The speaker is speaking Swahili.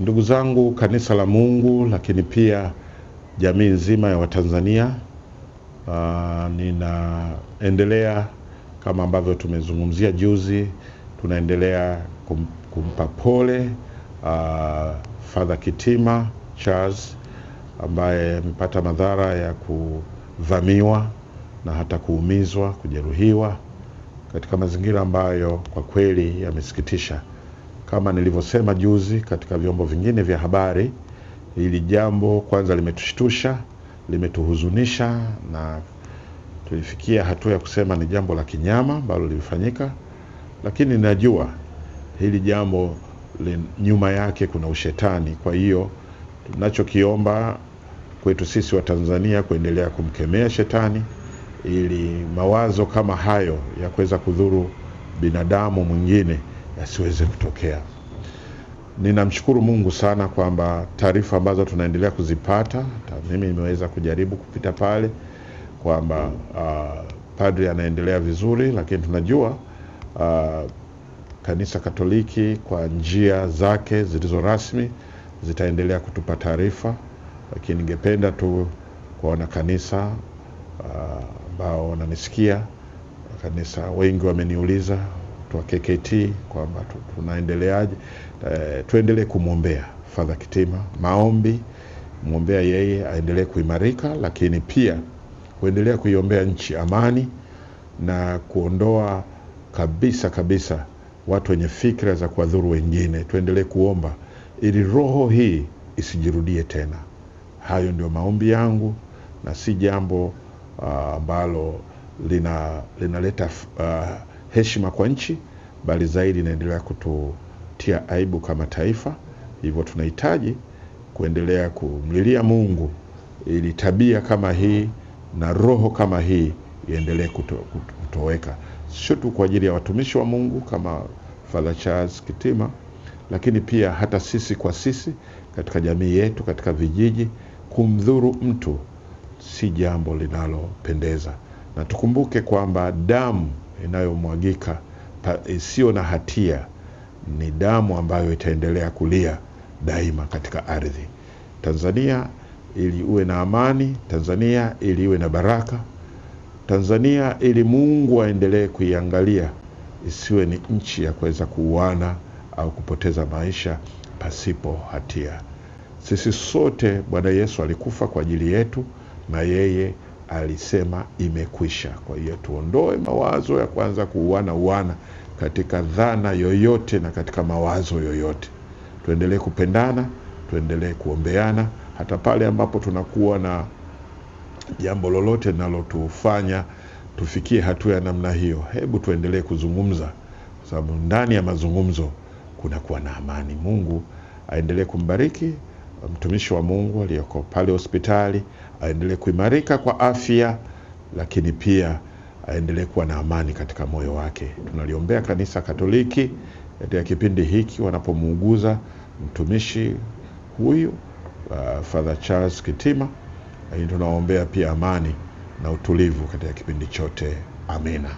Ndugu zangu kanisa la Mungu, lakini pia jamii nzima ya Watanzania, ah, ninaendelea kama ambavyo tumezungumzia juzi, tunaendelea kum, kumpa pole uh, Father Kitima Charles ambaye amepata madhara ya kuvamiwa na hata kuumizwa, kujeruhiwa katika mazingira ambayo kwa kweli yamesikitisha. Kama nilivyosema juzi katika vyombo vingine vya habari, hili jambo kwanza limetushtusha, limetuhuzunisha na tulifikia hatua ya kusema ni jambo la kinyama ambalo lilifanyika, lakini najua hili jambo nyuma yake kuna ushetani. Kwa hiyo tunachokiomba kwetu sisi wa Tanzania kuendelea kumkemea shetani ili mawazo kama hayo ya kuweza kudhuru binadamu mwingine yasiweze kutokea. Ninamshukuru Mungu sana kwamba taarifa ambazo tunaendelea kuzipata, mimi nimeweza kujaribu kupita pale kwamba uh, padri anaendelea vizuri, lakini tunajua uh, kanisa Katoliki kwa njia zake zilizo rasmi zitaendelea kutupa taarifa, lakini ningependa tu kuwaona kanisa uh, ambao uh, wananisikia, kanisa wengi wameniuliza wa KKT kwamba tunaendeleaje, eh, tuendelee kumwombea Father Kitima, maombi mwombea yeye aendelee kuimarika, lakini pia kuendelea kuiombea nchi amani na kuondoa kabisa kabisa watu wenye fikra za kuwadhuru wengine. Tuendelee kuomba ili roho hii isijirudie tena. Hayo ndio maombi yangu, na si jambo ah, ambalo uh, linaleta lina uh, heshima kwa nchi, bali zaidi inaendelea kututia aibu kama taifa. Hivyo tunahitaji kuendelea kumlilia Mungu ili tabia kama hii na roho kama hii iendelee kuto, kutoweka, sio tu kwa ajili ya watumishi wa Mungu kama Father Charles Kitima, lakini pia hata sisi kwa sisi katika jamii yetu, katika vijiji. Kumdhuru mtu si jambo linalopendeza, na tukumbuke kwamba damu inayomwagika isiyo eh, na hatia ni damu ambayo itaendelea kulia daima katika ardhi. Tanzania ili uwe na amani, Tanzania ili iwe na baraka, Tanzania ili Mungu aendelee kuiangalia, isiwe ni nchi ya kuweza kuuana au kupoteza maisha pasipo hatia. Sisi sote Bwana Yesu alikufa kwa ajili yetu na yeye alisema imekwisha. Kwa hiyo tuondoe mawazo ya kwanza kuuana uana katika dhana yoyote na katika mawazo yoyote. Tuendelee kupendana, tuendelee kuombeana, hata pale ambapo tunakuwa na jambo lolote linalotufanya tufikie hatua ya namna hiyo. Hebu tuendelee kuzungumza, kwa sababu ndani ya mazungumzo kunakuwa na amani. Mungu aendelee kumbariki mtumishi wa Mungu aliyoko pale hospitali aendelee kuimarika kwa afya, lakini pia aendelee kuwa na amani katika moyo wake. Tunaliombea kanisa Katoliki katika kipindi hiki wanapomuuguza mtumishi huyu uh, Father Charles Kitima, lakini tunaombea pia amani na utulivu katika kipindi chote. Amina.